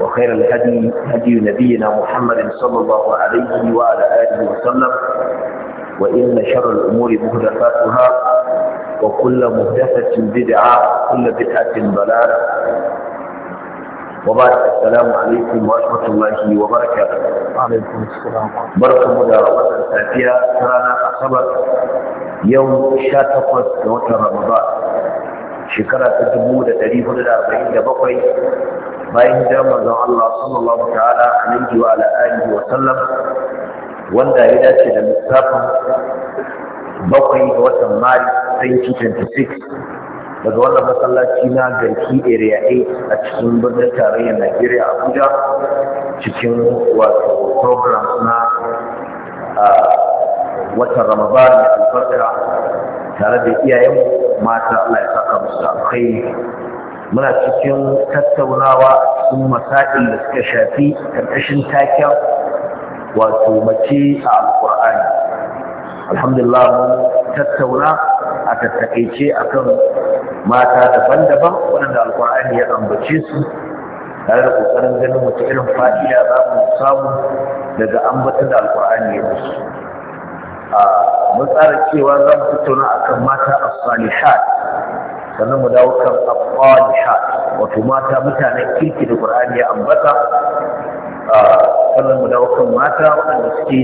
وخير الهدي هدي نبينا محمد صلى الله عليه وعلى آله وسلم وإن شر الأمور مهدفاتها وكل مهدفة بدعة كل بدعة ضلالة وبعد السلام عليكم ورحمة الله وبركاته وعليكم السلام بركة مدارة السافية ترانا أصبر يوم شاتقص وتر رمضان شكرا تجمود الأليف الأربعين لبقي bayan hijirar manzon Allah sallallahu ta'ala alaihi wa ala wa sallam wanda ya dace da lissafin bakwai ga watan Maris 1926 daga wannan masallaci na garki area 8 a cikin birnin tarayyar Najeriya Abuja cikin wato program na watan Ramadan albarka tare da iyayen mata Allah ya saka musu alkhairi muna cikin tattaunawa cikin masail da suka shafi karkashin taken wato mace a alkur'ani alhamdulillah mun tattauna a tattakaice akan mata daban-daban waɗanda alkur'ani ya ambace su tare da ƙoƙarin ganin wata irin fa'ida za mu samu daga ambatan da alkur'ani ya musu mun tsara cewa za mu tattauna akan mata a salihat sannan mu dawo kan afalisha wato mata mutanen kirki da qur'ani ya ambata sannan mu dawo kan mata waɗanda suke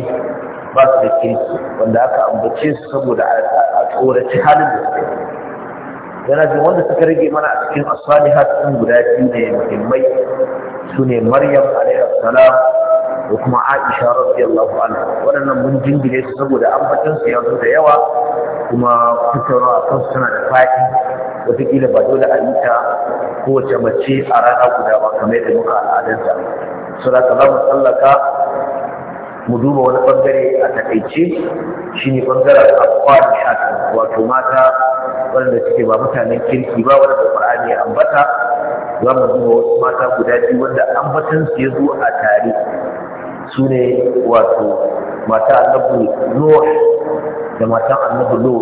ba su da kirki wanda aka ambace su saboda a tsoraci halin da suke yana jin wanda suka rage mana a cikin asalihat sun guda biyu ne muhimmai su ne maryam alaihi salam da kuma aisha radiyallahu anha waɗannan mun jingine su saboda ambatansu ya zo da yawa kuma fitarwa a kansu suna da faɗi wataƙila ba dole a yi ta kowace mace a rana guda ba kamar da muka al'adanta sura ta za mu tsallaka mu duba wani bangare a takaice shine bangaren akwai wato mata wanda suke ba mutanen kirki ba wanda Qur'ani ya ambata za mu duba wasu mata guda biyu wanda ambatan su ya zo a tare su ne wato mata annabu lo da matan annabu lo.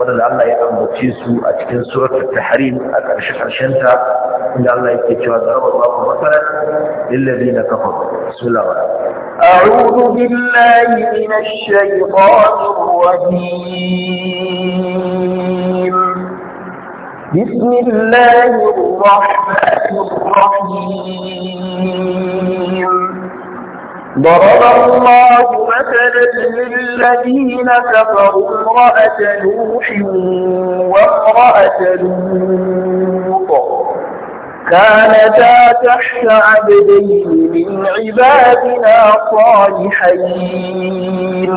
waɗanda Allah ya ambace su a cikin suratul tahrim a ƙarshe ƙarshen ta inda Allah yake cewa zaraba Allahu masalan lil ladina kafaru bismillah a'udhu billahi minash shaytanir rajim بسم الله الرحمن الرحيم ضرب الله مثلا للذين كفروا امرأة نوح وامرأة لوط كانتا تحت عبدين من عبادنا صالحين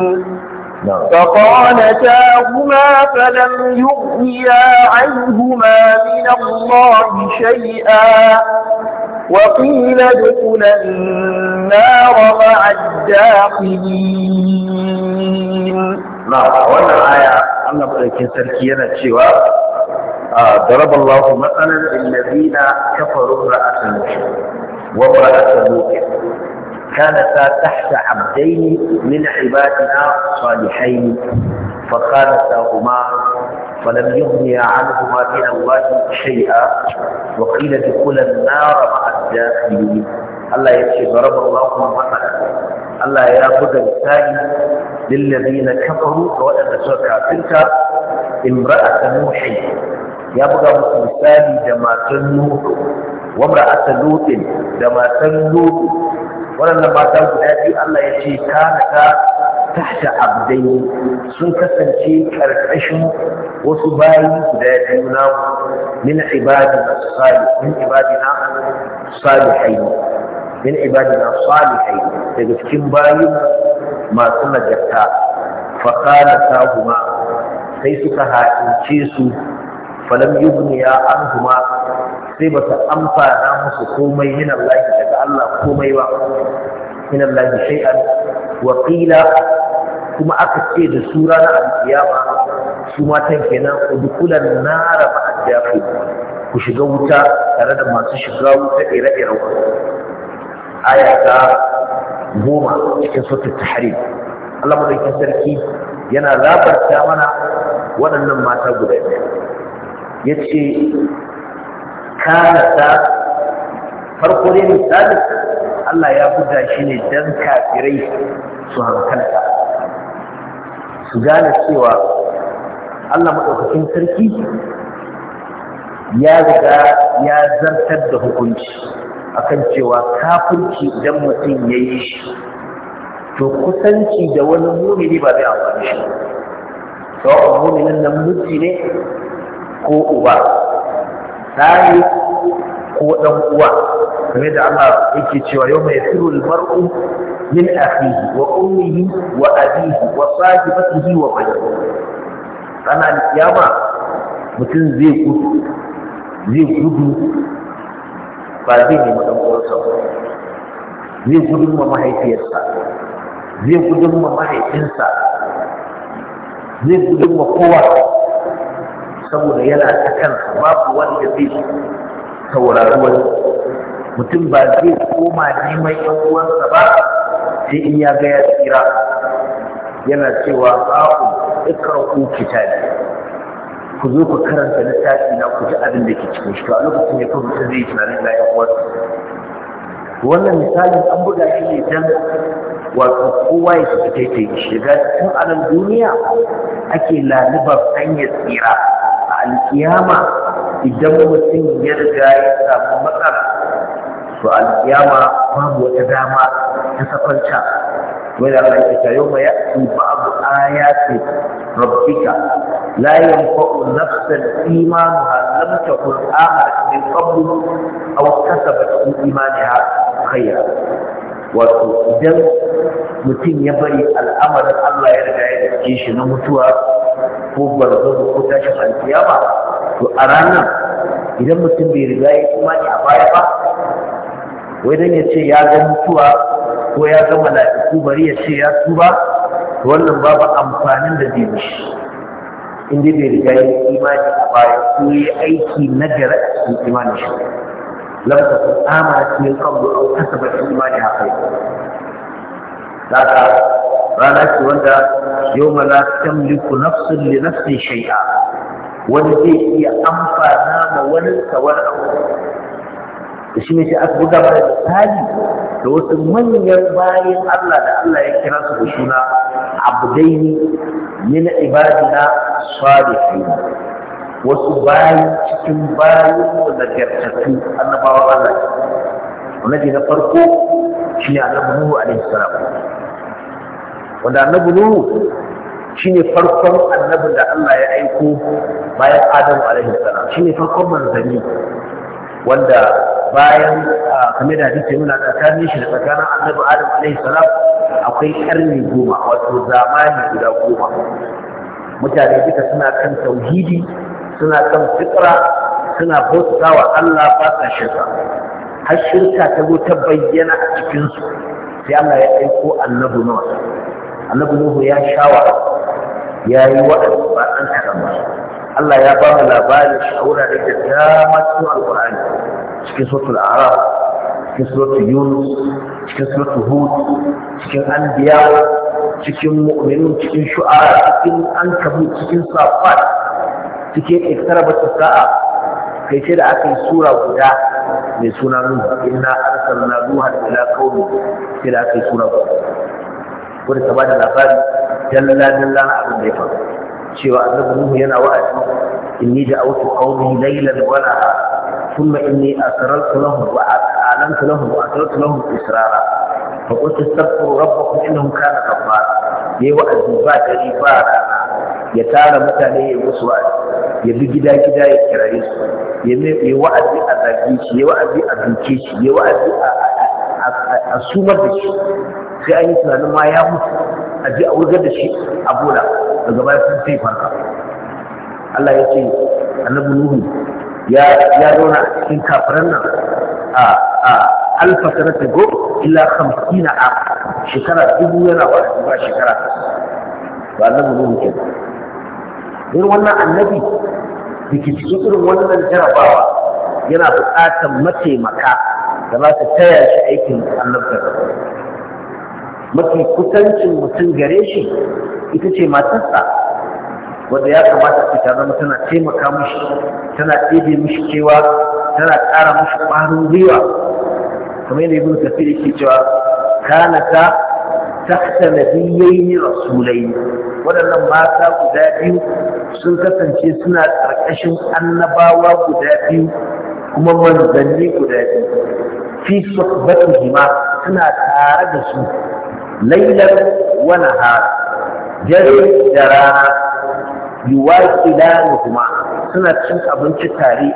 نعم. فقالتاهما فلم يغنيا عنهما من الله شيئا وقيل ادخل النار مع الداخلين نعم wannan aya Allah madaukakin sarki yana cewa ضرب الله مثلا للذين كفروا امرأة نوح وامرأة لوط كانتا تحت عبدين من عبادنا صالحين فخانتاهما فلم يغني عنهما من الله شيئا وقيل دخول النار مع الداخلين الله يكشف ضرب الله مثلا الله يا بد الثاني للذين كفروا وأن سوى تلك امرأة نوح يا بد مثال جماعة نوح وامرأة لوط جماعة لوط ولما تنقل هذه الله يكشف كانت tahta abdai sun kasance ƙarƙashin wasu bayi guda biyu na min ibadina salih min ibadina salihai min ibadina daga cikin bayi masu nagarta fakala ta huma sai suka haɗince su falam yubniya an huma sai ba su amfana musu komai min Allah daga Allah komai ba min Allah kuma aka ce da su ranar alkiyama su matan kenan udkulan nara ma'adafi ku shiga wuta tare da masu shiga wuta ire-iren aya ta goma cikin sautar tahrim Allah madaukin sarki yana labarta mana waɗannan mata guda biyu ya ce kanata farko ne misali Allah ya buga shi ne don kafirai su hankalta su gane cewa Allah maɗaukacin sarki ya riga ya zartar da hukunci akan cewa kafinci idan mutum ya yi shi to kusanci da wani mumini ba zai amfani shi sawa'un muminin nan miji ne ko uba tsari, ko ɗan uwa game da Allah yake cewa yau mai firul mar'u من أخيه وأمه وأبيه وصاحبته وبنيه أنا القيامة mutum zai gudu zai gudu ba zai nemi ɗan ba zai gudun mahaifiyarsa zai gudun mahaifinsa zai gudun kowa saboda yana ta kansa babu wanda zai saurari wani mutum ba zai koma neman yan uwansa ba sai in ya ga ya tsira yana cewa aku ikra'u kitabi ku zo ku karanta littafi na ku ji abin da ke cikin shi to a lokacin ya kuma zai yi tunanin na yan uwansa wannan misalin an buga shi ne dan wato kowa ya shiga taitai shiga tun anan duniya ake lalubar hanyar tsira a alkiyama idan mutum ya riga ya samu to alkiyama babu wata dama ta sakwanta wanda Allah ya ce yau ma ya'ti ba'du ayati rabbika la yanfa'u nafsan imanuha lam takun amanat min qabl aw kasabat fi imaniha khayra wato idan mutum ya bari al'amarin Allah ya riga ya dace shi na mutuwa ko barzo ko tashin alkiyama to a ranar idan mutum bai riga ya imani a baya ba wai dan ya ce ya ga mutuwa ko ya ga mala'iku bari ya ce ya tuba wannan babu amfanin da zai mishi in dai bai riga yin imani a baya ko yi aiki na gari a cikin imanin shi tsama ta kun amana cikin kanku an kasaba imani a kai rana ce wanda yau mala tamliku nafsun li nafsin shay'a wani zai iya amfana ma wani ka wani abu da shi ne sai aka buga mana misali da wasu manyan bayan Allah da Allah ya kira su da suna abdaini min na salihin wasu bayan cikin bayan da gartattu annabawa Allah annabi na farko shi ne annabi Nuhu alaihi salam wanda annabi Nuhu shi ne farkon annabin da Allah ya aiko bayan Adamu alaihi salam shi ne farkon manzanni wanda bayan kamar da hadisi nuna tsakanin shi da tsakanin annabi adam alaihi salam akwai karni goma wato zamani guda goma mutane duka suna kan tauhidi suna kan fitra suna bauta wa Allah ba sa shirka har shirka ta zo ta bayyana a cikin su sai Allah ya aiko annabi nawa, annabi nuhu ya shawa ya yi wa'azi ba an kaɗan ba Allah ya ba mu labarin shi a wuraren da dama cikin Alƙur'ani cikin suratul araf cikin suratul yunus cikin suratul hud cikin anbiya cikin mu'minun cikin shu'ara cikin ankabut cikin safat cikin iktarabat sa'a kai ce da aka yi sura guda mai suna nuhu inna arsalna nuha ila qaumi sai da aka yi sura guda wanda ta bada labari dalla dalla abin da ya faru cewa annabi Nuhu yana wa'azi inni da da'awtu qawmi laylan wa nahara thumma inni asrartu lahum wa a'lantu lahum wa asrartu lahum israra fa qultu astaghfiru rabbakum innahu kana ghaffara Ya wa'azi ba dare ba rana ya tara mutane ya musu wa'azi ya bi gida gida ya kiraye su ya yi wa'azi a zage shi ya wa'azi a duke shi ya wa'azi a sumar da shi sai an yi tunanin ma ya mutu a ji a wurgar da shi a bola daga baya sun sai farka Allah ya ce annabi nuhu ya ya zauna a cikin kafiran nan a a alfa sanata go illa 50 a shekara dubu yana ba ba shekara ba annabi nuhu ke irin wannan annabi da ke cikin irin wannan jarabawa yana buƙatar mataimaka da za ta taya shi aikin annabta mafi kusancin mutum gare shi ita ce matarsa wanda ya kamata ce ta zama tana taimaka mushi tana ɗebe mushi cewa tana ƙara mushi ƙwarin gwiwa kamar yadda ibn kafir yake cewa kana ta tahta nabiyyaini rasulai waɗannan mata guda biyu sun kasance suna ƙarƙashin annabawa guda biyu kuma manzanni guda biyu fi suhbatihima suna tare da su ليلا ونهارا dare da rana yuwa kilani suna cin abinci tare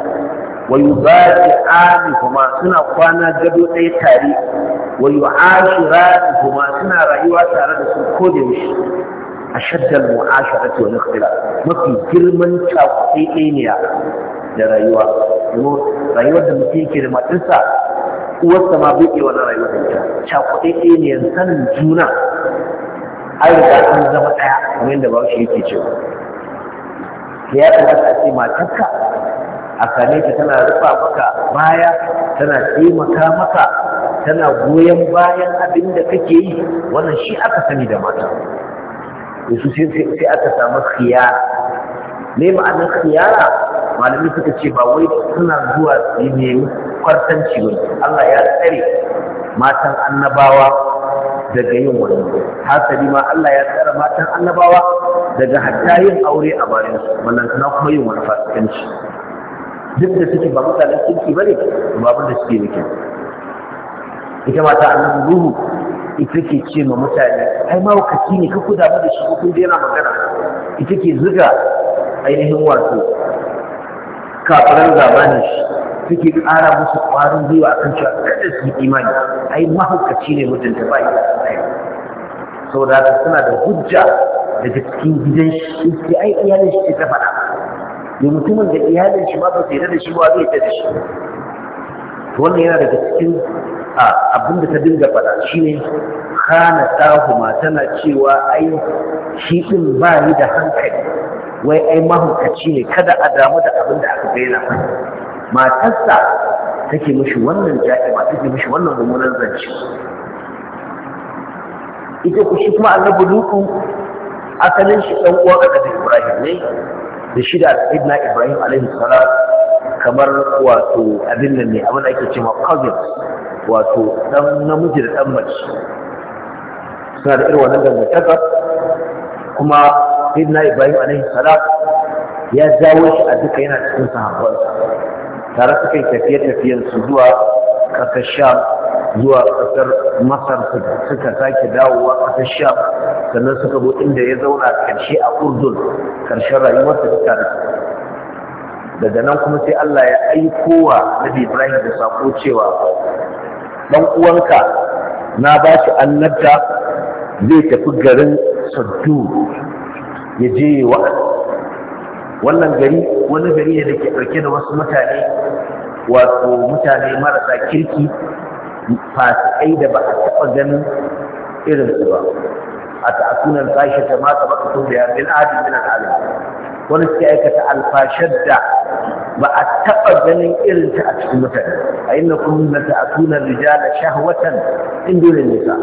wa yi suna kwana gado ɗaya tare wa yi suna rayuwa tare da su ko da yaushe a shaddar mu mafi girman cakuɗe ɗaya ne da rayuwa rayuwar da muke ke da matinsa uwarsa ma bai iya wannan rayuwar da ita cakuɗaɗɗe ne san juna an riga an zama ɗaya kamar yadda ba shi yake cewa ya kamata a ce matarka a same ta tana rufa maka baya tana taimaka maka tana goyon bayan abin da kake yi wannan shi aka sani da mata yanzu sai aka samu khiyara ne ma'anar khiyara malamai suka ce ba wai suna zuwa su nemi kwartanci wani Allah ya tsare matan annabawa daga yin wani hasali ma Allah ya tsare matan annabawa daga hatta yin aure a bayan su wannan kana kuma yin wani fasikanci duk da suke ba mutanen kirki bane ba abin da suke nake ita mata annan ruhu ita ke ce ma mutane ai ma ne ka kuda damu da shi ko kun daina magana ita ke zuga ainihin wato kafin zamanin shi suke ƙara musu ƙwarin gwiwa akan cewa kada su yi imani ai mahaukaci ne mutunta ba saboda suna da hujja daga cikin gidan shi sai ai iyalin shi ta faɗa da mutumin da iyalin shi ma ba su da shi ba zai ta da shi wannan yana daga cikin abin da ta dinga faɗa shine kana tahuma tana cewa ai shi ɗin ba ni da hankali wai ai mahaukaci ne kada a damu da abin da aka bayyana matarsa take mashi wannan ja'ima take mashi wannan mummunan zance ita ku shi kuma annabi lutu asalin shi dan uwan da ibrahim ne da shi da ibna ibrahim alaihi salam kamar wato abin nan ne abin da ake cewa cousin wato dan namiji da dan mace suna da irin wannan dangantaka kuma ibna ibrahim alaihi salam ya jawo shi a duka yana cikin sahabbansa tare suka kai tafiye-tafiyen su zuwa ƙasar sham zuwa ƙasar masar suka sake dawowa ƙasar sham sannan suka bu inda ya zauna ƙarshe a urdun ƙarshen rayuwarsa ta tare daga nan kuma sai Allah ya aiko wa Nabi Ibrahim da sako cewa ɗan uwanka na ba shi annabta zai tafi garin Saddu ya je wa'azi wannan gari wani gari ne da ke ɗauke da wasu mutane wato mutane marasa kirki fasikai da ba a taɓa ganin irinsu ba a ta'asunan tashi ta mata baka tun da yamin adin min al'adun wani suka aikata alfashar da ba a taɓa ganin irinta a cikin mutane a inda kun na ta'asunan rijala shahwatan indolin nisa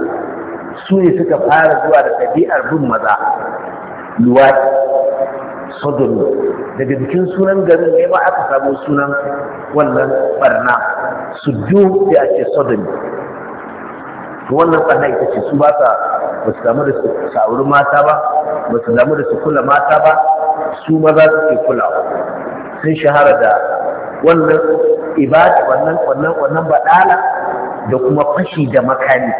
su ne suka fara zuwa da ɗabi'ar bin maza luwaɗi sodom daga jikin sunan garin ne ba aka samu sunan wannan barna ju da ake To wannan barna ita ce su ba ta ba su damu da su sauri mata ba ba su damu da su kula mata ba su maza su ke kulawa sun shahara da wannan ibada wannan wannan wannan badala da kuma fashi da makami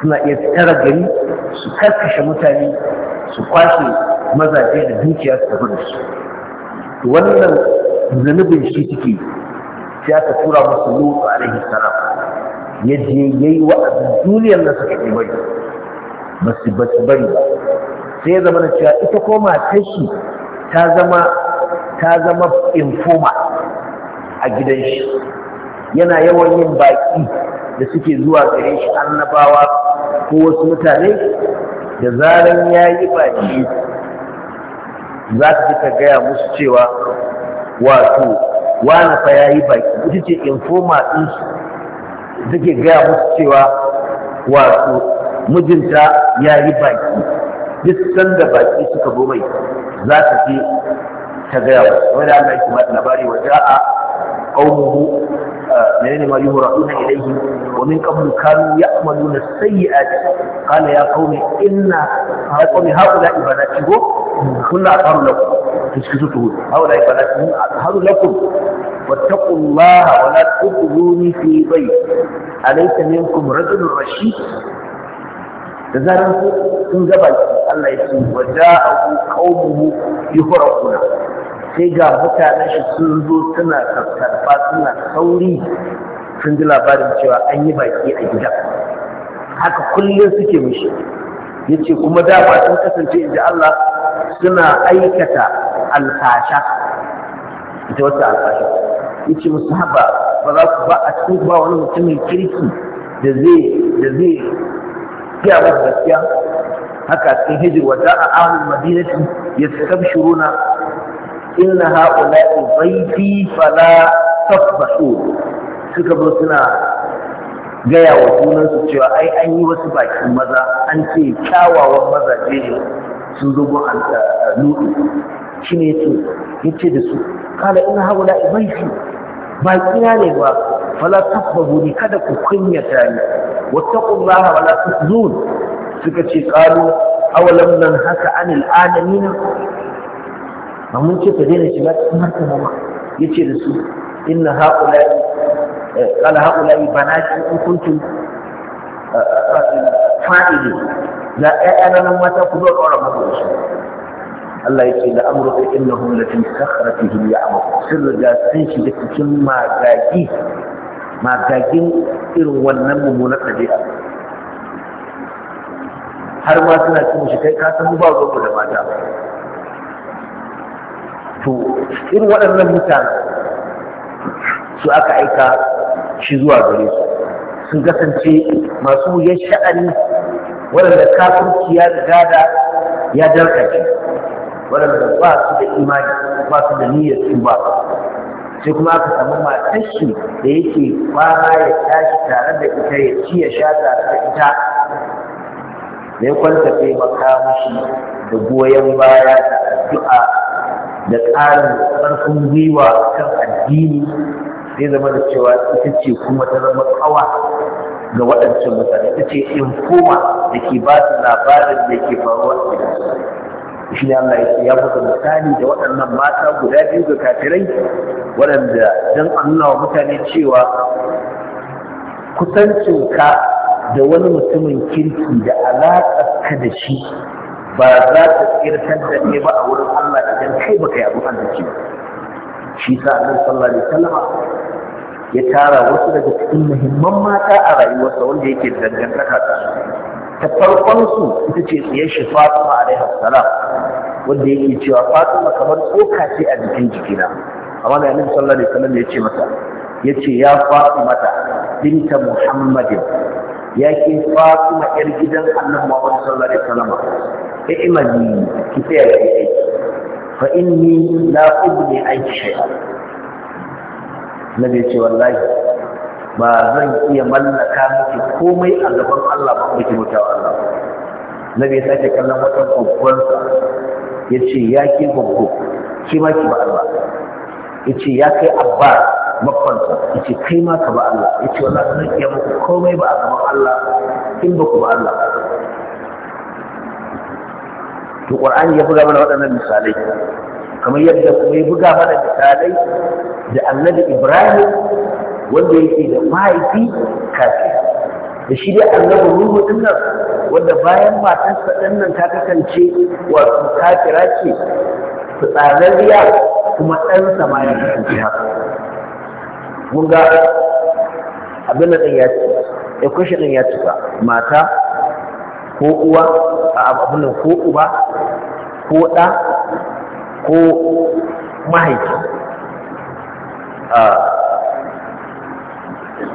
suna iya tara gari su karkashe mutane su kwashe mazaje da dukiya su tafi da su wannan zanubin shi take sai aka tura musu lutu alaihi salam ya je yayi wa'azin duniyar nasa ta bari ba su ba su bari ba sai ya zama na cewa ita ko matar shi ta zama ta zama informa a gidan shi yana yawan yin baki da suke zuwa gare shi annabawa ko wasu mutane da zaran ya yi baki za ka ji ka gaya musu cewa wato wani fa ya yi baki ita ce informa ɗinsu ke gaya musu cewa wato mijinta ya yi baki duk sanda baki suka zo mai za ta je ta gaya musu wani Allah ya kuma labari wa ja'a قومه منين ما يهرؤون إليه ومن قبل كانوا يأملون السيئات قال يا قوم إن قوم هؤلاء بناته كل أطهر لكم تسكتته هؤلاء بناته أطهر لكم واتقوا الله ولا تخذوني في ضيف أليس منكم رجل رشيد da zarar sun gaba Allah ya ce wa ja'ahu qaumuhu yuhraquna sai ga mutanen shi sun zo suna karfa suna sauri sun ji labarin cewa an yi baki a gida haka kullum suke mishi ya ce kuma dama sun kasance ji Allah suna aikata alfasha ita wata alfasha ya ce musu haba ba za ku ba a cikin ba wani mutumin kirki da zai da zai fiya gaskiya haka cikin hijir wata a ahlul madinati runa inna ha'ula'i dhayfi fala tafbahu suka zo suna gaya wa junansu cewa ai an yi wasu baki maza an ce kyawawan mazaje ne sun zo gun lutu shi ne ya ce da su kala ina haula ibaifi baki na ne ba fala tabbahu ni kada ku kunyata ni wattaqullaha wala tuzun suka ce qalu awalam nan haka anil alamin a mun ce ka daina shiga cikin harkar noma ya ce da su inna haƙulai ƙala eh, haƙulai ba na ci in kuntum eh, eh, fa'ili na ƴaƴa na nan mata ku zo ƙaura da wasu Allah ya ce da amurka innahum latin sakhratihi ya'maku sun riga sun shiga cikin magagi magagin irin wannan mummunar ɗabi'a har ma suna cin shi kai ka san ba ruwanku da mata to irin waɗannan mutane su aka aika shi zuwa gare su sun kasance masu wuyan sha'ani waɗanda kafirci ya riga da ya darkace waɗanda ba su da imani ba su da niyyar ba sai kuma aka samu matashi da yake kwana ya tashi tare da ita ya ci ya sha tare da ita da ya kwanta sai da goyon baya da addu'a da ƙarin ƙarfin gwiwa kan addini zai zama da cewa ita ce kuma ta zama kawa ga waɗancan mutane ita ce infoma da ke ba su labarin da ke faruwa a cikin shi ne Allah ya buga misali da waɗannan mata guda biyu ga kafirai waɗanda don a nuna wa mutane cewa kusancinka da wani mutumin kirki da alaƙarka da shi ba za ta tsirtar da ne ba a wurin Allah idan kai baka yi abin arziki ba shi sa annabi sallallahu alaihi wasallam ya tara wasu daga cikin muhimman mata a rayuwarsa wanda yake dangantaka ta ta farkon su ita ce tsiyar shi Fatima alaihi salam wanda yake cewa Fatima kamar tsoka ce a jikin jikina amma da annabi sallallahu alaihi wasallam ya ce mata ya ce ya Fatima ta binta Muhammadin ya ke Fatima yar gidan Annabi Muhammad sallallahu alaihi wasallam i'mali ki tsaya ki aiki fa inni la ubni anki Na nabi ce wallahi ba zan iya mallaka miki komai a gaban Allah ba ki mutawa Allah nabi ya sake kallon wata babbar sa yace ya ke babbo ki ma ki ba Allah yace ya kai abba bakwansa yace kai ma ka ba Allah yace wallahi zan iya muku komai ba a gaban Allah in ba ku ba Allah to qur'ani ya buga mana waɗannan misalai kamar yadda kuma ya buga mana misalai da annabi ibrahim wanda yake da mahaifi kafi da shi dai annabi ruhu din wanda bayan matarsa din nan ta kasance wato kafira ce fitsararriya kuma ɗan sama ya kasance haka mun ga abin da ɗin ya ci ya kushe ɗin ya cika mata ko uwa a abin ko uba ko ɗa ko mahaifi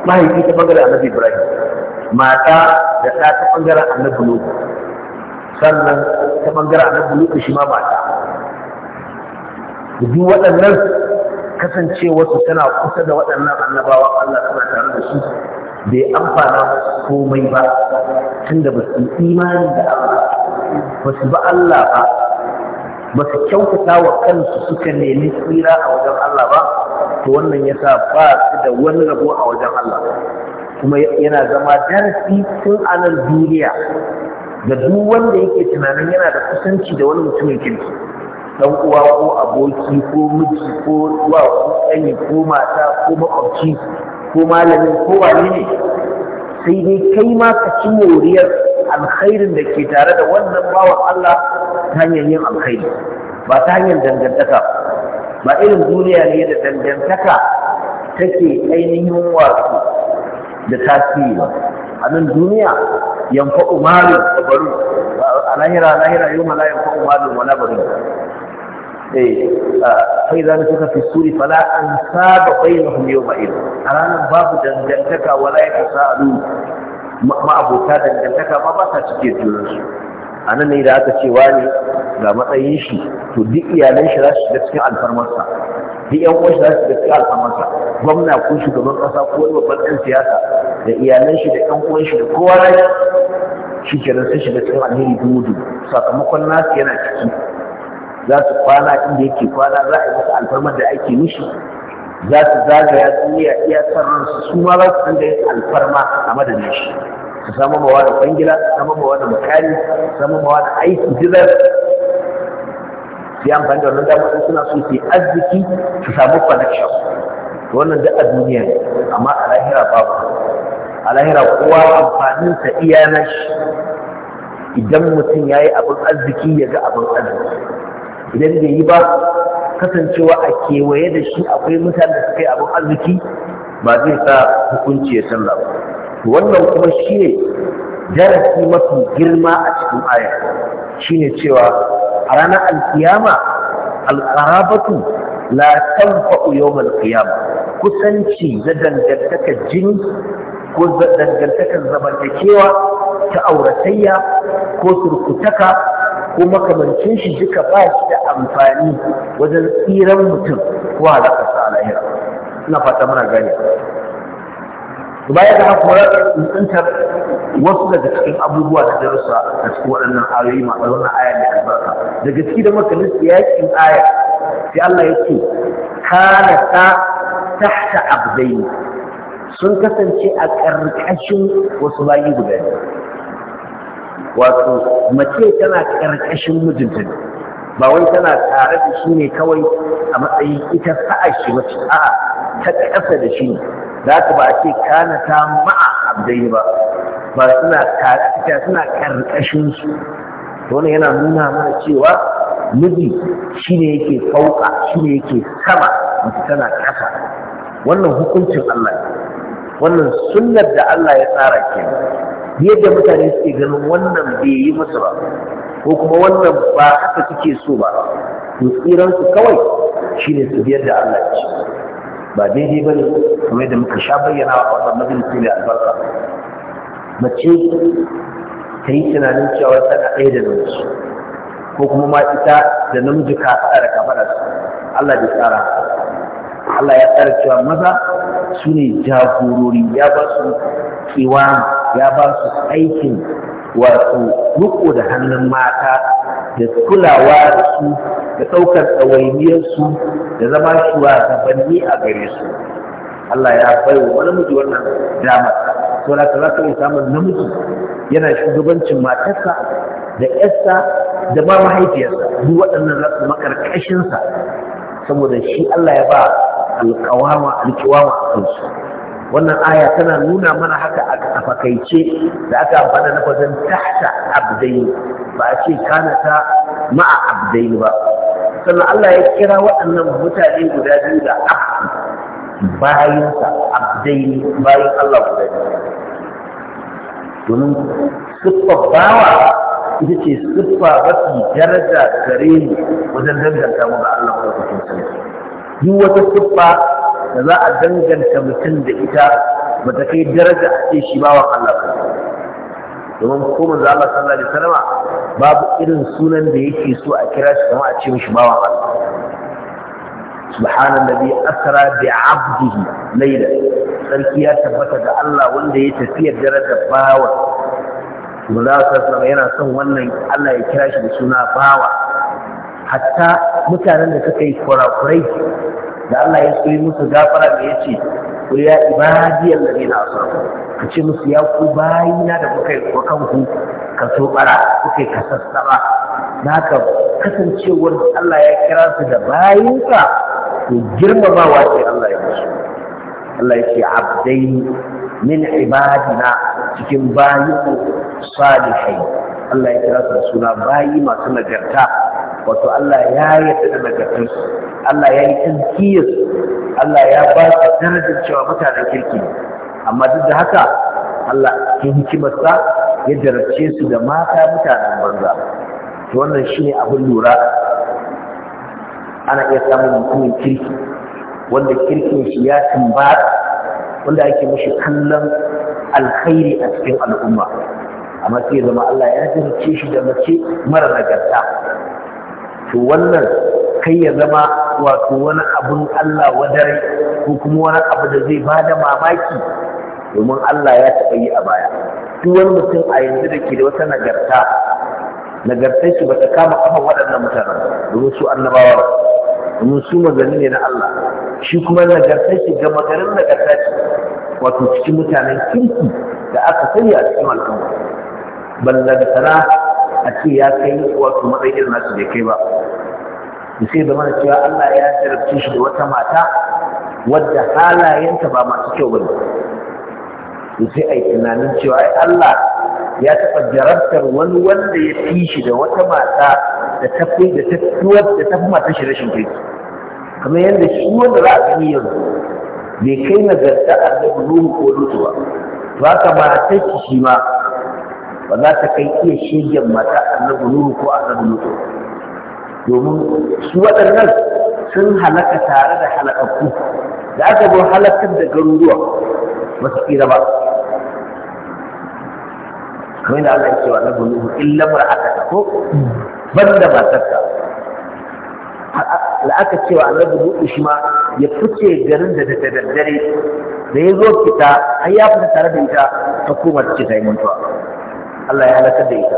mahaifi ta bangaren annabi ibrahim mata da ɗa ta bangaren annabi lobo sannan ta bangaren annabi lobo shi ma mata duk waɗannan kasancewarsu tana kusa da waɗannan annabawa allah suna tare da su bai amfana komai ba tunda ba su imani da Allah ba su ba Allah ba ba su kyautata wa kansu suka nemi tsira a wajen Allah ba to wannan ya sa ba su da wani rabo a wajen Allah kuma yana zama darasi tun a nan duniya ga duk wanda yake tunanin yana da kusanci da wani mutumin kirki dan uwa ko aboki ko miji ko wa ko ko mata ko makwabci ko malamin ko wani ne sai dai kai ma ka ci moriyar alkhairin da ke tare da wannan bawan Allah ta hanyar yin alkhairi ba ta hanyar dangantaka ba irin duniya ne da dangantaka take ainihin wato da tasiri ba a nan duniya yanfa umarin da baru a lahira lahira yau wala baru Sai eh, sai zan suka fi suri fala an saba bainahum yawma idin a ranar babu dangantaka wala ya tasa'alu ma abota dangantaka ma ba sa cike junansu a nan ne da aka ce wani ga matsayin shi to duk iyalan shi za su shiga cikin alfarmarsa duk yan uwan shi za su shiga cikin alfarmarsa gwamna ko shugaban kasa ko wani babban ɗan siyasa da iyalan shi da yan uwan shi da kowa shi kenan sai shiga cikin alheri dubu dubu sakamakon nasu yana ciki za su kwana inda yake kwana za a yi masa alfarma da ake mishi za su zagaya duniya iya sarran su su ma za su dinga yin alfarma a madadin shi su samu mawa da kwangila su samu mawa da makari su samu mawa da aiki dilar su yi amfani da wannan damar suna so su yi arziki su samu connection wannan duk a duniya ne amma a lahira babu a lahira kowa amfanin ta iya nashi. idan mutum ya yi abin arziki ya ga abin arziki idan bai yi ba kasancewa a kewaye da shi akwai mutane da suka yi abin arziki ba zai sa hukunci ya canza ba wannan kuma shi ne darasi mafi girma a cikin aya shi ne cewa a ranar alkiyama alƙarabatu la tanfa'u yawmal qiyama kusanci na dangantaka jini ko dangantakar zamantakewa ta auratayya ko surkutaka ko makamancin shi duka ba shi da amfani wajen tsiran mutum ko halakarsa a lahira ina fata muna gani baya ga haka wani tsintar wasu daga cikin abubuwa da darussa da cikin waɗannan ayoyi masu wannan aya mai albarka Daga gaske da makalin yakin aya sai Allah ya ce kana ta tahta abdaini sun kasance a ƙarƙashin wasu bayi guda biyu wato mace tana ƙarƙashin mijinta ne ba wai tana tare da shi ne kawai a matsayin ita sa'a shi mace a'a ta ƙasa da shi ne za ta ba a ce kana ta ma'a abdai ba ba suna tare suna ƙarƙashin su wannan yana nuna mana cewa miji shi ne yake fauka shi ne yake sama mace tana ƙasa wannan hukuncin Allah wannan sunnar da Allah ya tsara kenan yadda mutane suke ganin wannan bai yi musu ba ko kuma wannan ba haka suke so ba to tsiransu kawai shine su biyar da Allah ya ce ba daidai bane kamar yadda muka sha bayyana a wannan majalisi mai albarka mace ta yi tunanin cewa tana ɗaya da namiji ko kuma ma ita da namiji ka haɗa da kafaɗa Allah bai tsara Allah ya tsara cewa maza su ne jagorori ya ba su kiwani ya ba su aikin wato riko da hannun mata da kulawa da su da ɗaukar su, da zama shugabanni a gare su Allah ya bai wa namiji wannan dama to na za samun namiji yana shugabancin matarsa da yarsa da ma mahaifiyarsa duk waɗannan za su saboda shi Allah ya ba alƙawama alƙiwama kansu wannan aya tana nuna mana haka a fakaice da aka amfana na fasin tahta abdai ba a ce kana ta ma'a abdai ba sannan Allah ya kira waɗannan mutane guda biyu da abdi bayansa abdai bayan Allah guda biyu domin siffar bawa ita ce siffa mafi daraja gare ni wajen danganta mu ga Allah ko cikin sarki duk wata siffa da za a danganta mutum da ita ba ta kai daraja a ce shi bawan Allah ba domin ko manzo Allah sallallahu alaihi wasallam babu irin sunan da yake so a kira shi kamar a ce mishi bawan Allah subhanallazi asra bi 'abdihi layla sarki ya tabbata da Allah wanda ya tafiya daraja bawan manzo Allah sallallahu alaihi yana son wannan Allah ya kira shi da suna bawa hatta mutanen da suka yi kurakurai da Allah ya so yi musu gafara da ya ce ko ya ibadiyar da na asarku ka ce musu ya ku bayina da kuka yi kan kanku ka so bara kuka yi kasassaba na ka kasancewar Allah ya kira su da bayinsa ku girmamawa ce Allah ya musu Allah ya ce abdai min ibadina cikin ku salihai Allah ya kira su da suna bayi masu nagarta wato Allah ya yarda da nagartarsu Allah ya yi tazkiyar Allah ya ba ta darajar cewa mutanen kirki ne amma duk da haka Allah ke hikimarsa ya jarace su da mata mutanen banza to wannan shine abin lura ana iya samun mutumin kirki wanda kirkin shi ya tambara wanda ake mashi kallon alkhairi a cikin al'umma amma sai zama Allah ya jarace shi da mace mara nagarta to wannan kai ya zama wato wani abun Allah wadare ko kuma wani abu da zai bada mamaki domin Allah ya taɓa yi a baya duk wani mutum a yanzu da ke da wata nagarta nagartar shi bata kama kafan waɗannan mutanen domin su annabawa domin su magani ne na Allah shi kuma nagartar shi ga magarin nagarta shi, wato cikin mutanen kirki da aka sani a cikin al'umma ballantana a ce ya kai wato matsayin nasu bai kai ba da sai cewa Allah ya jarabce shi da wata mata wadda halayenta ba masu kyau bane da sai yi tunanin cewa Allah ya taɓa jarabtar wani wanda ya fi shi da wata mata da ta fi da ta fi da ta fi mata shi rashin kirki kamar yadda shi wanda za a gani yanzu bai kai nagarta a zaɓi nuhu ko lutu ba ba ka matar shi ma ba za ta kai iya shegen mata annabi nuhu ko annabi lutu ba domin su waɗannan sun halaka tare da halakakku da aka zo halakar da garuruwa ba su tsira ba kamar da Allah ya cewa wa na buluhu illa mar'ataka ko banda matarka da aka cewa annabi hudu shi ma ya fice garin da ta daddare da ya zo fita har ya fita tare da ita ta koma ta ce ta yi mantuwa Allah ya halakar da ita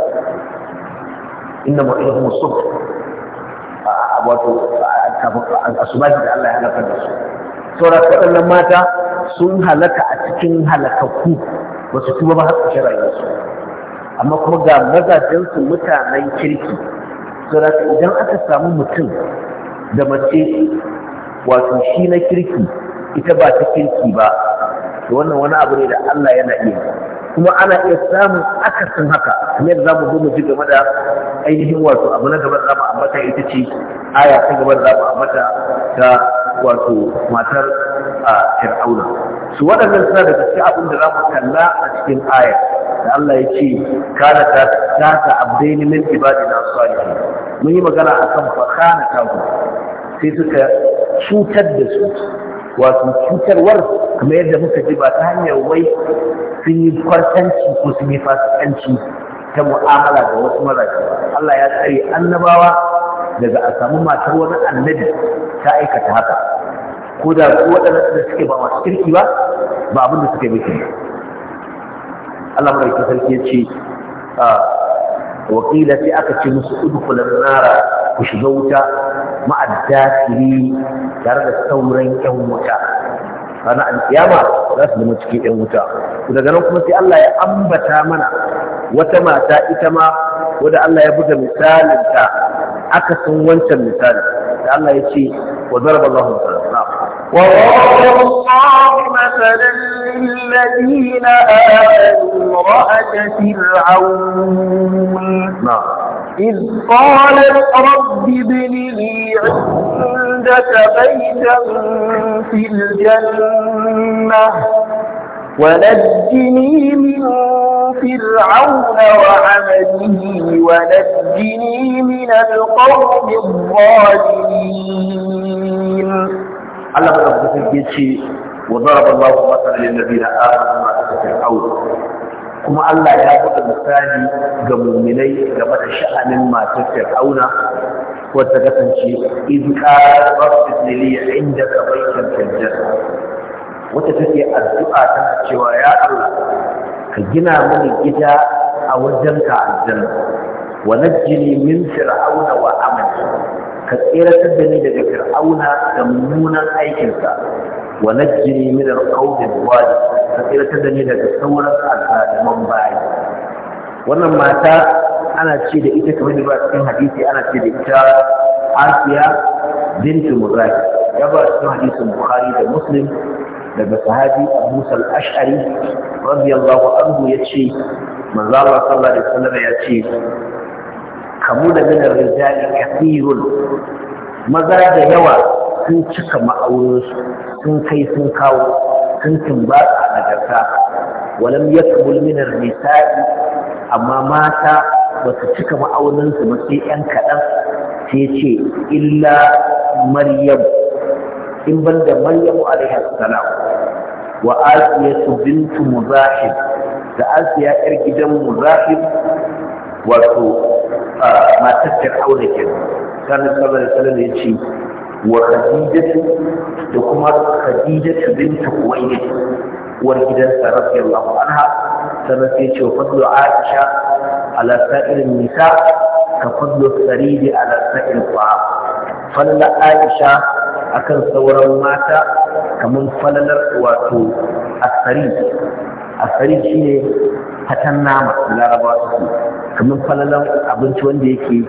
inna mu'ayyuhum subh wato asubahi da Allah ya halaka da su saboda waɗannan mata sun halaka a cikin halakakku ba su tuba ba har ƙarshen su. amma kuma ga mazajensu mutanen kirki saboda idan aka samu mutum da mace wato shi na kirki ita ba ta kirki ba to wannan wani abu ne da Allah yana iya kuma ana iya samun akasin haka kamar yadda zamu zo mu ji game da ainihin wato abu na gaban zama a mata ita ce aya ta gaban zama a mata, ta wato matar a Fir'auna su waɗannan suna da gaske abin da za mu kalla a cikin aya da Allah ya ce kana ta ta abdaini min ibadina salihin mun yi magana akan fa kana ta sai suka cutar da su wato cutarwar kamar yadda muka ji ba ta hanyar wai sun yi kwartanci ko sun yi fasikanci ta mu'amala da wasu mazaje Allah ya tsare annabawa daga a samu matar wani annabi ta aikata haka ko da waɗanda da suke ba masu kirki ba ba abin da suke miki Allah mai sarki ya ce ah, wakila sai aka ce musu udkhulan nara ku shiga wuta ma'addafiri tare da sauran yan wuta an alkiyama za su zama cikin yan wuta daga nan kuma sai Allah ya ambata mana wata mata ita ma wadda Allah ya buga misalin ta aka san wancan misali da Allah ya ce wa zarba Allah wa إذ قالت رب ابن لي عندك بيتا في الجنة ونجني من فرعون وعمله ونجني من القوم الظالمين الله رب يجي وضرب الله مثلا للذين آمنوا فرعون kuma Allah ya buɗe misali ga muminai game da sha'anin matar fir'auna wata kasance in ƙara fasfililiya inda ka bai firjar wata take addu'a tana cewa ya Allah ka gina mini gida a wajen aljanna wa najjini min fir'auna wa amali ka tsira da ni daga fir'auna da mummunan aikinsa wa najjini min al-qawmi al-wali ka tsiratar da daga sauran al'adaman bayi wannan mata ana ce da ita kamar da ba cikin hadisi ana ce da ita Asiya bintu Muzaki ya ba cikin hadisin Bukhari da Muslim daga sahabi Abu Musa al-Ash'ari radiyallahu anhu yace manzo Allah sallallahu alaihi wasallam yace kamu da minar rijali kathirun maza da yawa sun cika ma'aurinsu sun kai sun kawo sun tumbatsa a nagarta walam yakmul min nisa'i amma mata ba su cika ma'auninsu su ba sai yan kaɗan sai ce illa maryam in da maryamu alaiha salam wa asiyatu bintu muzahib da asiya yar gidan muzahib wato matar fir'auna kenan sannan sallallahu alaihi wasallam ya ce wa khadijatu da kuma khadijatu binta kuwaiyat uwar gidansa radiyallahu anha sannan sai ce fadlu aisha ala nisa ka fadlu saridi ala sa'ir fa aisha akan sauran mata kamar wato asari asari shine fatan nama laraba su kamar falalar abinci wanda yake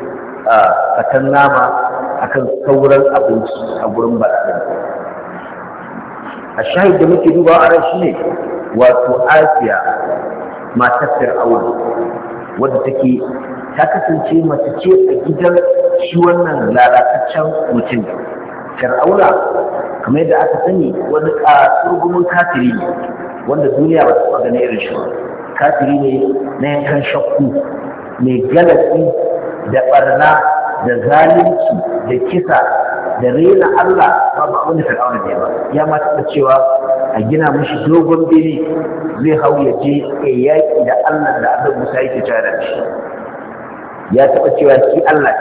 ah, fatan nama akan sauran abinci a gurin bakin a shahid da muke duba a ran ne wato asiya matar fir'aun wadda take ta kasance mace ce a gidan shi wannan lalataccen mutum fir'auna kamar yadda aka sani wani ƙasurgumin kafiri ne wanda duniya ba ta gane irin shi kafiri ne na yankan shakku mai galasi da ɓarna. da zalunci da kisa da rena Allah babu abin da fir'auna ne ba ya ma taɓa cewa a gina mishi dogon bene zai hau ya je ya yaƙi da Allah da Allah Musa yake tare da shi ya taɓa cewa shi Allah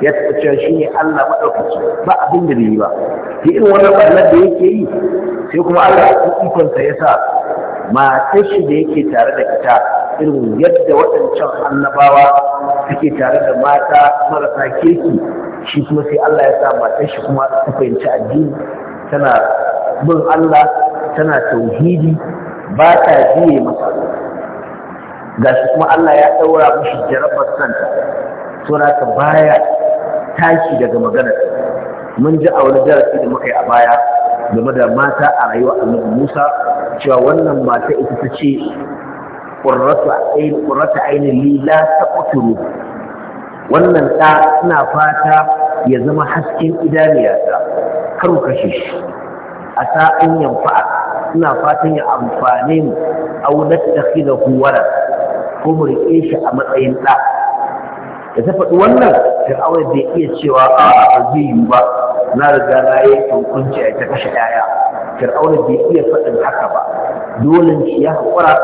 ya taɓa cewa shi ne Allah maɗaukaci ba abin da bai yi ba shi irin wannan ɓarnar da yake yi sai kuma Allah ya ikonsa ya sa matar shi da yake tare da ita irin yadda waɗancan annabawa suke tare da mata marasa kirki shi kuma sai Allah ya sa matar shi kuma ta fahimci addini tana bin Allah tana tauhidi ba ta biye masa ga shi kuma Allah ya ɗaura mashi jarabar santa suna ta baya tashi daga maganar mun ji a wani darasi da muka yi a baya game da mata a rayuwa annabi Musa cewa wannan mata ita ta ce ƙurrata ainihin lila ta ƙuturu wannan ɗa suna fata ya zama hasken idaniyata kar kashe shi a sa'in yamfa suna fatan ya amfane mu aunar da da huwara ko mu riƙe shi a matsayin ɗa da ta faɗi wannan fir'auna bai iya cewa a zai yiwu ba na riga na yi hukunci a ta kashe yaya fir'auna bai iya faɗin haka ba dole shi ya haƙura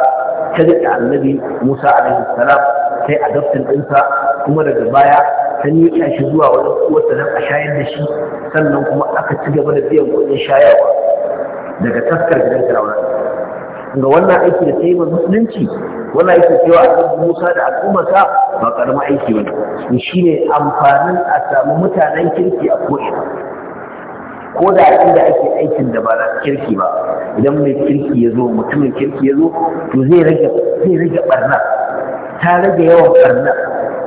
ta riƙe annabi musa alaihi salam sai adaptin ɗinsa kuma daga baya ta miƙa shi zuwa wani kowace nan a shayar da shi sannan kuma aka ci gaba da biyan kuɗin shayarwa daga taskar gidan fir'auna ga wannan aiki da ta yi musulunci wannan aiki cewa annabi Musa da al'ummarsa ba karamar aiki bane shi ne amfanin a samu mutanen kirki a ko'ina ko da inda ake aikin da ba na kirki ba idan mai kirki ya zo mutumin kirki ya zo to zai rage zai rage barna ta rage yawan barna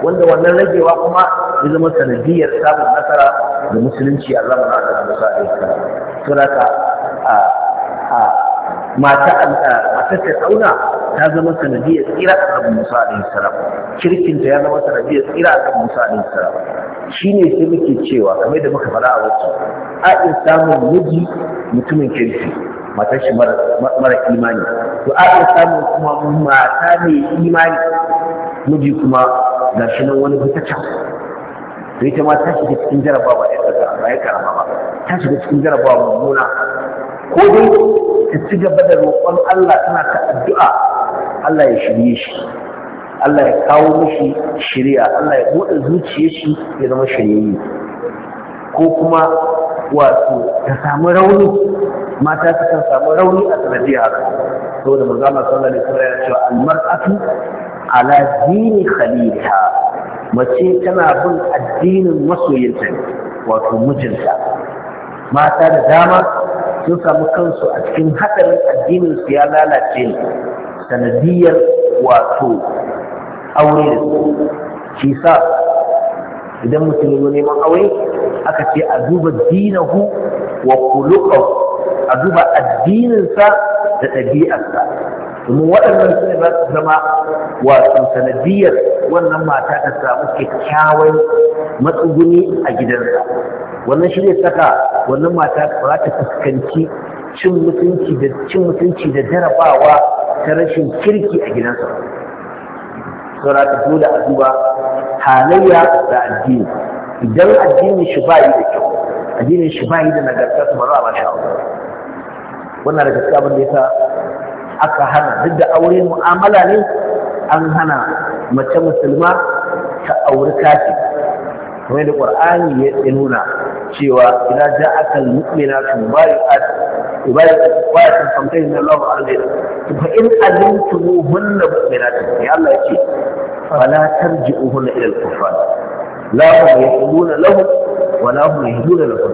wanda wannan ragewa kuma ya zama sanadiyar samun nasara da musulunci a zamanin Allah Musa alaihi salam to da ka a a mata mata ta auna ta zama sanadiyar tsira a Musa alaihi salam kirkinta ya zama sanadiyar tsira a Musa alaihi salam shi ne sai muke cewa kamar da muka fara a wasu a in samun miji mutumin kirki matar shi mara imani to a in samun kuma mata mai imani miji kuma ga shi nan wani fitaccen to ita ma ta shiga cikin jarabawa ya tsaka ba ya karama ba ta shiga cikin jarabawa mummuna ko dai ta ci gaba da roƙon Allah tana ta addu'a Allah ya shirye shi Allah ya kawo mishi shari'a Allah ya buɗe zuciyar shi ya zama shiryayye ko kuma wato ta samu rauni mata su kan samu rauni a sanadiyar haka saboda manzo Allah sallallahu alaihi wasallam ya ce al-mar'atu ala dini khaliliha mace tana bin addinin masoyinta wato mijinta mata da dama sun samu kansu a cikin hadarin addinin su ya lalace sanadiyar wato aure da su shi sa idan mutum ya neman aure aka ce a duba dinahu wa kulukahu a duba addininsa da ɗabi'arsa domin waɗannan su za su zama wato sanadiyar wannan mata ta samu kyakkyawan matsuguni a gidansa wannan shi ne saka wannan mata ba ta fuskanci cin mutunci da cin mutunci da jarabawa ta rashin kirki a gidansa saura ta dole a duba halayya da addini idan addinin shi ba yi da kyau addinin shi ba yi da nagarta su ba za a wannan da gaskiya abin da aka hana duk da aure mu'amala ne an hana mace musulma ta auri kafin kamar da ƙur'ani ya nuna cewa idan ja aka mu'mina tu bayu at ibayu wa'atun famtai na Allah alaihi to fa in alimtumu hunna mu'minatun ya Allah yace fala tarji'uhunna ila al-kufar la hum yahduna lahu, wa la hum yahduna lahu.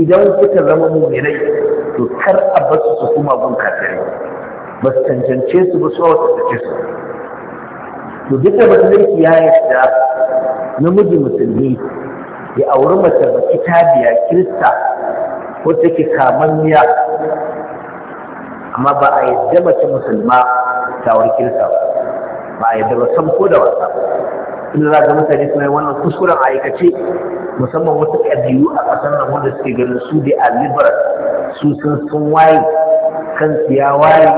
idan kuka zama mu'minai to kar a basu su kuma gun kafirai ba su cancance su ba su wata su to duka ba laifi ya yarda namiji musulmi ya auri mace da kitabiya kirista ko take kamanniya amma ba a yadda mace musulma ta auri kirista ba a yadda ba san ko da wasa inda za ga mutane suna yi wannan kuskuren aikace musamman wata ƙabilu a ƙasar nan wanda suke ganin su da a liberal su sun sun waye kan ya waye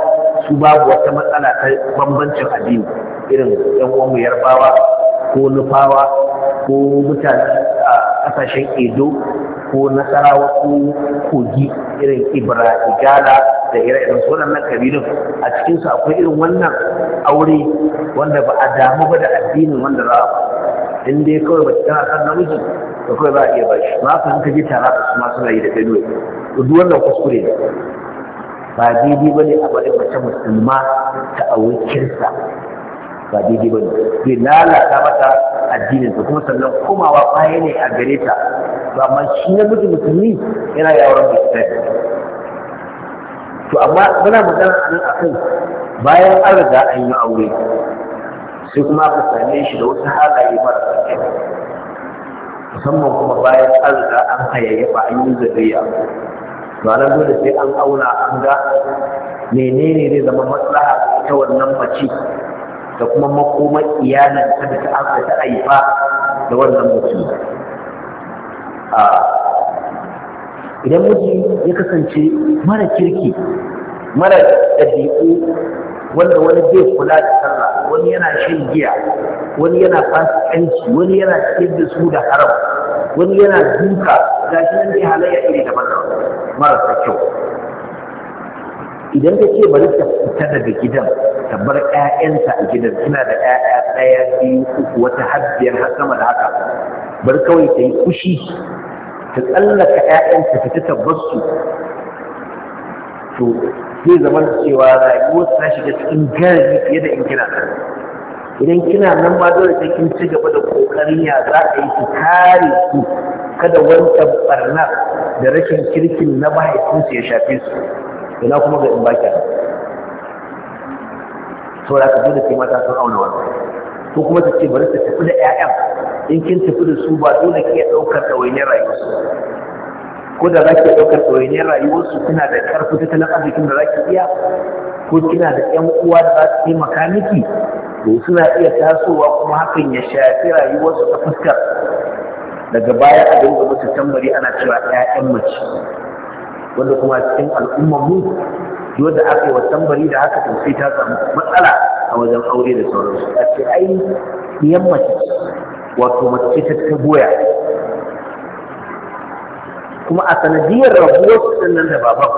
su babu wata matsala ta bambancin addini irin yan uwanmu yarbawa ko nufawa ko mutane a kasashen edo ko nasarawa ko kogi irin ibra igala da ire-iren sunan waɗannan kabilun a cikinsu akwai irin wannan aure wanda ba a damu ba da addinin wanda za a in dai kawai ba tana san namiji da kawai za a iya ba shi ba su hanka ji tara a su masu rayu da benue to duk wannan kuskure ne ba daidai ba ne a bari mace musulma ta aure kirsa ba daidai ba ne zai lalata mata addinin addininsa kuma sannan komawa baya ne a gare ta to amma shi na mutum musulmi yana yawon da kitabi to amma muna magana a nan akan bayan an riga an yi aure sai kuma aka same shi da wasu halaye marasa kyau musamman kuma bayan an riga an hayayyafa an yi zuriya to a nan dole sai an auna an ga menene zai zama maslaha ta wannan mace da kuma makomar iyalinta da ta ta aifa da wannan mutum idan miji ya kasance mara kirki mara ɗabi'u wanda wani bai kula da sallah wani yana shan giya wani yana fasikanci wani yana cikin da su da haram wani yana duka ga shi ne halayya iri daban marasa kyau idan ka ce bari ta fita daga gidan ta bar ƴaƴanta a gidan tana da ƴaƴa ɗaya biyu uku wata habbiyar har sama da haka bar kawai ta yi kushi ta tsallaka ƴaƴanta ta ta basu to zai zama cewa rayuwar ta shiga cikin gari fiye da in kina nan idan kina nan ba dole sai kin ci gaba da kokarin ya za ka yi ki kare su kada wancan barnar da rashin kirkin na mahaifinsu ya shafe su ina kuma ga in baki to da dole sai mata sun auna wannan ko kuma ta ce bari ta tafi da ƴaƴan in kin tafi da su ba dole ke ɗaukar ɗawainiyar rayuwarsu ko da za ki ɗaukar ɗawainiyar rayuwarsu kina da ƙarfi tattalin arzikin da za ki iya ko kina da ƴan uwa da za su taimaka miki to suna iya tasowa kuma hakan ya shafi rayuwarsu ta fuskar daga baya a dinga musu tambari ana cewa ƴaƴan mace wanda kuma cikin al'ummar mu duk da aka yi wa tambari da haka to sai ta samu matsala a wajen aure da sauransu a ce ai yan mace wato mace ta ta goya kuma a sanadiyar rabuwar su nan da baban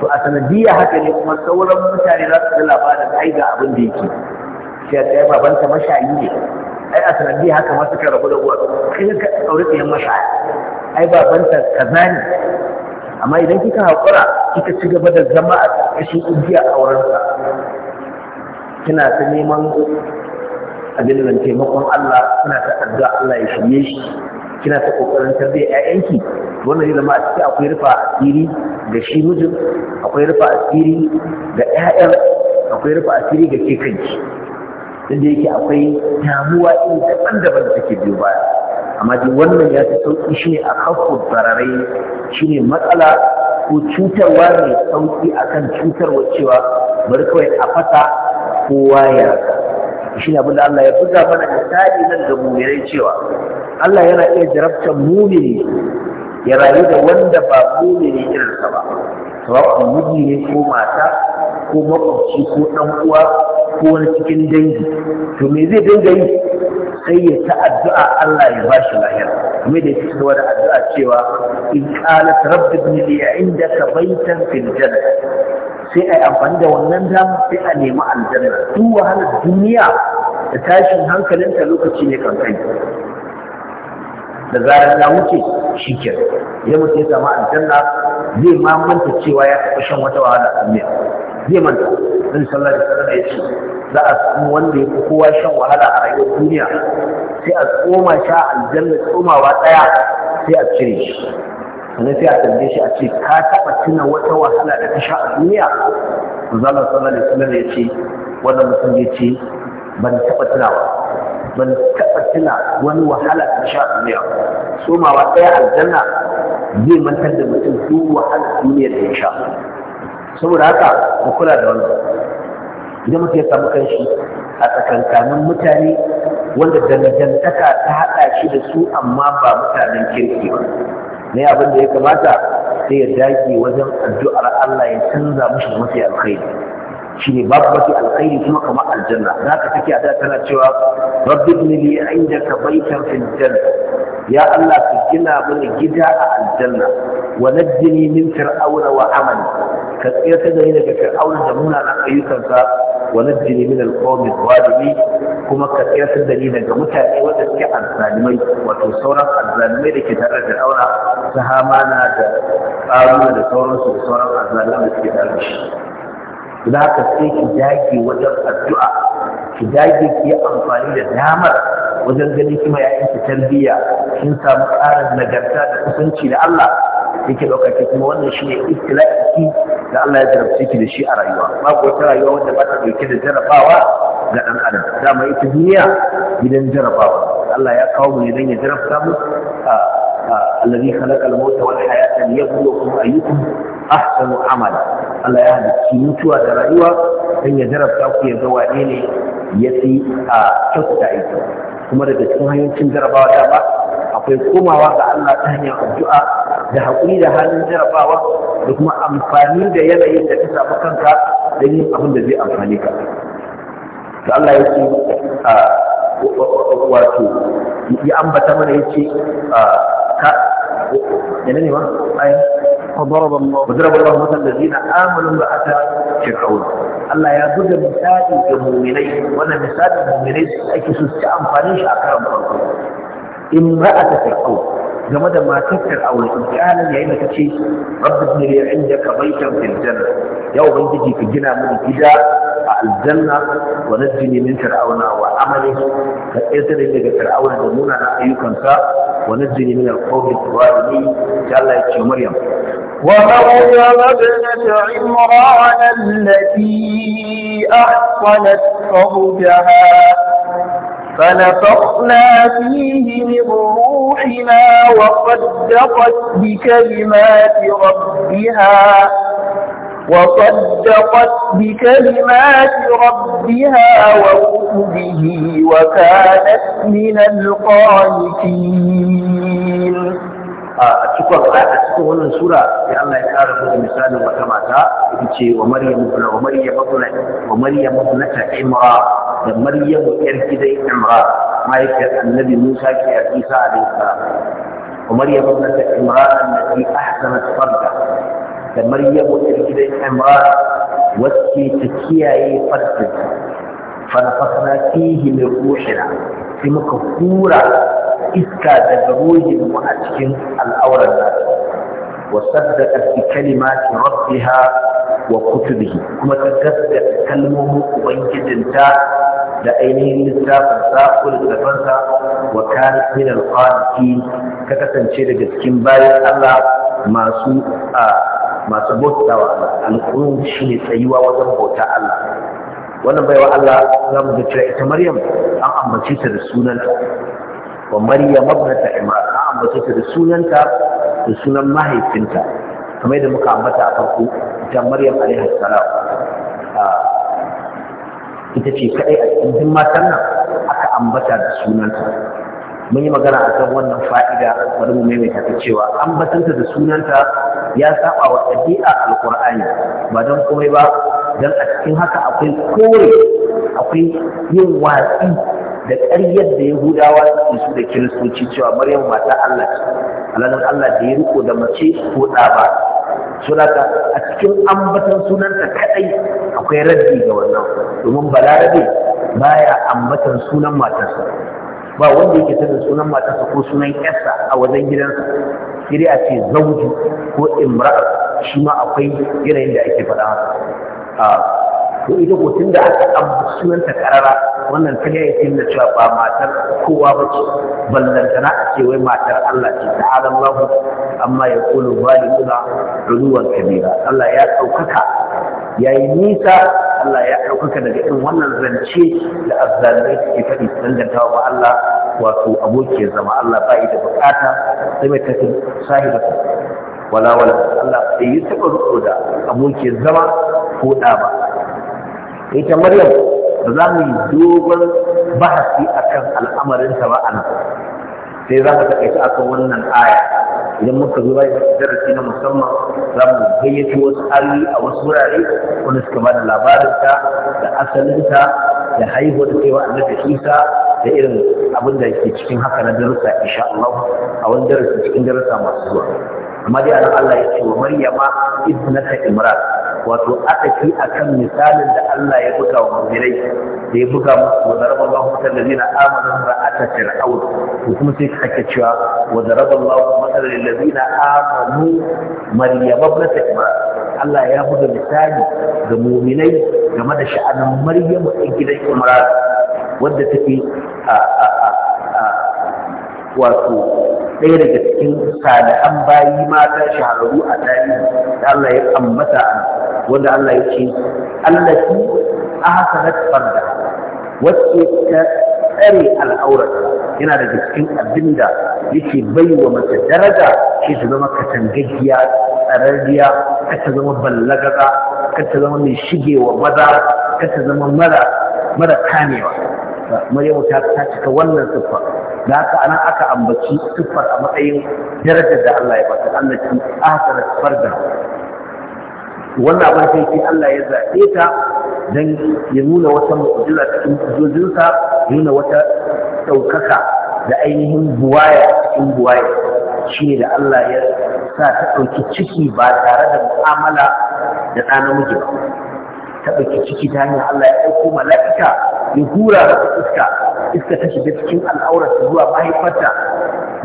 to a sanadiyar haka ne kuma sauran mutane za su ji labarin ai ga abin da yake sai a tsaye baban ta mashayi ne ai a sanadiyar haka ma suka rabu da uwa kai ka aure ta yan mashayi ai babanta kaza ne amma idan kika haƙura kika ci gaba da zama a ƙarƙashin igiya a wurinsa kina ta neman abin da taimakon Allah kina ta addu'a Allah ya shirye shi kina ta kokarin tarbiyya ƴaƴanki wannan zai zama a ciki akwai rufa asiri ga shi mijin akwai rufa asiri ga ƴaƴan akwai rufa asiri ga ke kanki inda yake akwai damuwa iri daban-daban da take biyo baya amma dai wannan ya fi sauƙi shi ne a kafa bararai shi ne matsala ko cutarwa mai sauƙi a kan cutarwa cewa bari kawai a fata kowa ya shi ne abinda Allah ya buga mana misali nan ga mumirai cewa Allah yana iya jarabtar mumini ya rayu da wanda ba mumini irinsa ba sawa'un miji ne ko mata ko makwabci ko ɗan uwa ko wani cikin dangi to me zai dinga yi sai ya ta addu'a Allah ya ba shi lahiyar kuma da yake cewa da addu'a cewa in qalat rabbi ibn li indaka baytan fil janna sai ai amfani da wannan dama sai a nemi aljanna duk wahalar duniya da tashin hankalinta lokaci ne kan kai da zarar ya wuce shi ke ya mutu ya samu aljanna zai mamanta cewa ya taɓa shan wata wahala a duniya zai manta in sallar da sallar ya ce za a samu wanda ya fi kowa shan wahala a rayuwar duniya sai a tsoma sha aljanna tsomawa ɗaya sai a cire shi sannan sai a tambaye shi a ce ka taɓa tuna wata wahala da ta sha a duniya zalar sallar da sallar ya ce wannan mutum ya ce ban taɓa tunawa ban taɓa tuna wani wahala da ta sha a duniya tsomawa ɗaya aljanna zai mantar da mutum duk wahala duniya da ya sha saboda haka ku kula da wannan idan mutum ya samu kanshi a tsakankanin mutane wanda dangantaka ta haɗa shi da su amma ba mutanen kirki ba ne abin da ya kamata sai ya dage wajen addu'ar Allah ya canza mushi mafi alkhairi shine babu mafi alkhairi kuma kamar aljanna za ka take a da tana cewa rabbi ibn li indaka baytan fil janna ya Allah ka gina mini gida a aljanna wa najjini min fir'auna wa amali ka tsirta da ni daga fir'auna da munanan ayyukansa wa najjini min al-qawmi zalimi kuma ka da ni daga mutane wanda suke azzalimai wato sauran azzalimai da ke tare da fir'auna na da ƙaruna da sauransu da sauran azzalimai da suke tare da shi za ka sai ki dage wajen addu'a ki dage ki yi amfani da damar wajen ganin kima yayin ki tarbiyya kin samu ƙarin nagarta da kusanci da Allah yake ɗauka ki kuma wannan shi ne ibtila'i da Allah ya jarabce ki da shi a rayuwa babu wata rayuwa wanda ba ta ɗauke da jarabawa ga ɗan adam dama ita duniya gidan jarabawa Allah ya kawo mu ne don ya jarabta mu الذي خلق الموت والحياة ليبلوكم أيكم أحسن عملا Allah ya halicci mutuwa da rayuwa don ya jarabta ku ya ga ne ya fi a kyautata aiki kuma daga cikin hanyoyin jarabawa da ba akwai komawa ga Allah ta hanyar addu'a da hakuri da halin jarabawa da kuma amfani da yanayin da ta samu kanka da abin da zai amfani ka da Allah ya ce ya ambata mana ya ce يعني ما أي وضرب الله وضرب الله مثل الذين آمنوا امرأة فرعون الله يا بد مثال المؤمنين وانا مثال المؤمنين اكي سوسي امفانيش اكرم فرعون امرأة فرعون game da matakar aure iyalan yayin da kace rabbi ibn li indaka baytan fil janna ya ubangiji ka gina mini gida a aljanna wa najjini min fir'auna wa amali ka tsare daga fir'auna da munanan ayyukansa wa najjini min al-qawmi adh-dhalimin ya Allah ya ce Maryam ومريم ابنة عمران التي أحصنت فرجها فنفخنا فيه من روحنا وصدقت بكلمات ربها وصدقت بكلمات ربها وكتبه وكانت من القانتين أتكلم على أتكلم على السورة يا الله يا رب المسلمين وكما تا وماريا مبنى وماريا مبنى da maryamu yar gidan imra mahaifiyar annabi musa ke a isa a salam wa maryamu na ta imra allati ahsanat farda da maryamu yar gidan imra wacce ta kiyaye farda fa nafakhna fihi min ruhina sai muka hura iska daga ruhin mu a cikin al'auran nasu وصدقت بكلمات ربها وكتبه كما تكذب كلمه وبنجد انت da ainihin littafin sa da littafin sa wa kan min al ka kasance daga cikin bayan Allah masu a masu bautawa al-qurun shine tsayuwa wajen bauta Allah wannan baiwa Allah za mu ga cewa ita Maryam an ambace ta da sunanta wa Maryam ibnat Imran an ambace ta da sunanta da sunan mahaifinta kamar da muka ambata a farko ita Maryam alaihi salam ita ce kaɗai a cikin duk matan nan aka ambata da sunanta mun yi magana a kan wannan fa'ida bari mu maimaita ta cewa ambatanta da sunanta ya saba wa ɗabi'a alqur'ani ba don komai ba dan a cikin haka akwai kore akwai yin watsi da ƙaryar da yahudawa suke su da kiristoci cewa maryam mata allah ce alalan allah da ya riko da mace ko ɗa ba sunata a cikin ambatan sunanta kaɗai. akwai raddi ga wannan domin balarabe ya ambatan sunan matarsa ba wanda yake sanin sunan matarsa ko sunan yarsa a wajen gidansa sai a ce zauji ko imra'a shi ma akwai yanayin da ake faɗa haka to ita ko tunda aka abu sunanta karara wannan ta gaya yake da cewa ba matar kowa ba ce ballantana a ce wai matar Allah ce ta halar lahu amma ya kulu zalimuna ruwan kabira Allah ya ɗaukaka ya nisa Allah ya ɗaukaka daga irin wannan zance da azzalai suke faɗi su dangantawa ba Allah wato abokiyar zama Allah ba da bukata sai mai tafi wala wala Allah bai yi taɓa riko da abokiyar zama ko ɗa ba ita Maryam ba za mu yi dogon bahasi akan al'amarinta ba a nan sai za mu a akan wannan aya idan muka zo bai darasi na musamman za mu gayyaci wasu ayoyi a wasu wurare wanda suka ba da labarinta da asalinta da haihuwar da a annabi Isa da irin abin da ke cikin haka na darussa insha Allah a wani darasi cikin darussa masu zuwa amma dai anan Allah ya ce wa maryama ibnata imran wato aka fi akan misalin da Allah ya buga wa mu'minai da ya buga musu wa daraba Allahu masal ladina amanu ra'ata fir'aun to kuma sai kake cewa wa daraba Allahu masal ladina amanu maryama ibnata imran Allah ya buga misali ga mu'minai game da sha'anin Maryam a gidan Imran wadda take a wato ɗaya daga cikin salihan bayi mata shahararru a tarihi da Allah ya ambata a wanda Allah ya ce a ahsanat farda wacce ta tsare al'aurat yana daga cikin abin da yake bai wa mace daraja ke ta zama katangaggiya tsararriya kar ta zama ballagaza kar ta zama mai shigewa maza kar ta zama mara mara kamewa Maryamu ta cika wannan siffa da haka anan aka ambaci siffar a matsayin darajar da Allah ya bata Allah ki ahsana farda wannan abin sai sai Allah ya zaɓe ta dan ya nuna wata mu'jiza cikin mu'jizinsa nuna wata ɗaukaka da ainihin buwaya cikin buwaya da Allah ya sa ta ɗauki ciki ba tare da mu'amala da ɗa namiji ba ta ɗauki ciki ta hanyar Allah ya ɗauko mala'ika ya hura masa iska iska ta shiga cikin al'aurarsa zuwa mahaifarta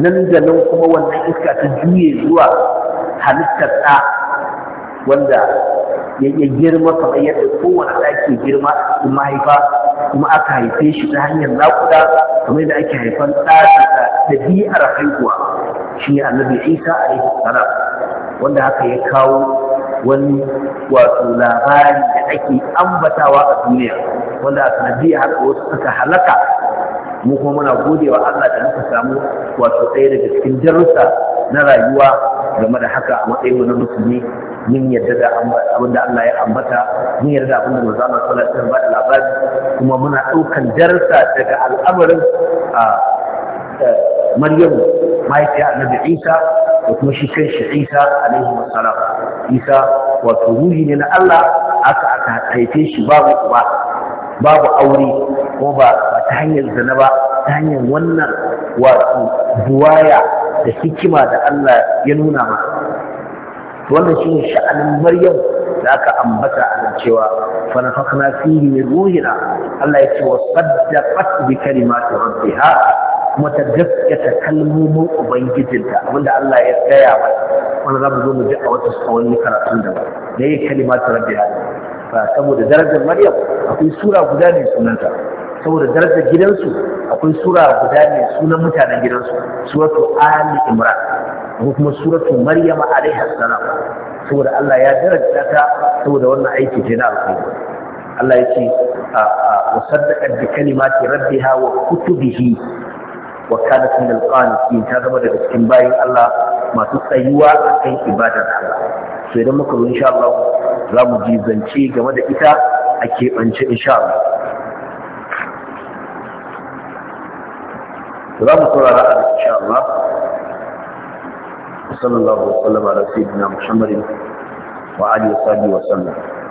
nan da nan kuma wannan iska ta juye zuwa halittar ɗa wanda ya girma kamar yadda kowane ɗa ke girma cikin mahaifa kuma aka haife shi ta hanyar naƙuda kamar yadda ake haifan ɗa da biyar haihuwa shi ne annabi isa alaihi salam wanda haka ya kawo wani wato labari da ake ambatawa a duniya wanda a sanadiyya haka wasu suka halaka mu kuma muna wa Allah da muka samu wato ɗaya daga cikin darussa na rayuwa game da haka a matsayin na musulmi mun yarda da abin da Allah ya ambata mun yarda da abin da manzo Allah sallallahu alaihi wasallam labari kuma muna ɗaukan darussa daga al'amarin a ah, eh, maryamu mahaifiya annabi isa da kuma shi kanshi isa alaihi wassalam isa wato ruhi ne na Allah aka aka haife shi babu uba babu aure ko ba ta hanyar zana ba ta hanyar wannan wato buwaya da hikima da Allah ya nuna ma wannan shi ne sha'anin maryam da aka ambata a nan cewa fa nafakhna fihi min ruhina Allah ya ce wa saddaqat bi kalimati rabbiha kuma ta gaskata kalmomin ubangijinta abinda Allah ya tsaya ba Wani za mu zo mu ji a wata tsawon karatun da da ya kalimatu rabbi ba saboda darajar maryam akwai sura guda ne sunanta saboda darajar gidansu akwai sura guda ne sunan mutanen gidansu suratu ali imran ko kuma suratu Maryam alaiha salam saboda Allah ya daraja ta saboda wannan aiki ce na alƙawari Allah ya ce wa saddaqa bi kalimati rabbiha wa kutubihi wa kanat min al-qanitin ta zama daga cikin bayin Allah masu tsayuwa akan ibadar Allah Sai idan muka zo insha Allah za mu ji zance game da ita a keɓance insha Allah za mu saurara a insha Allah sallallahu alaihi wa sallam ala sayyidina Muhammadin wa alihi wa sahbihi wa sallam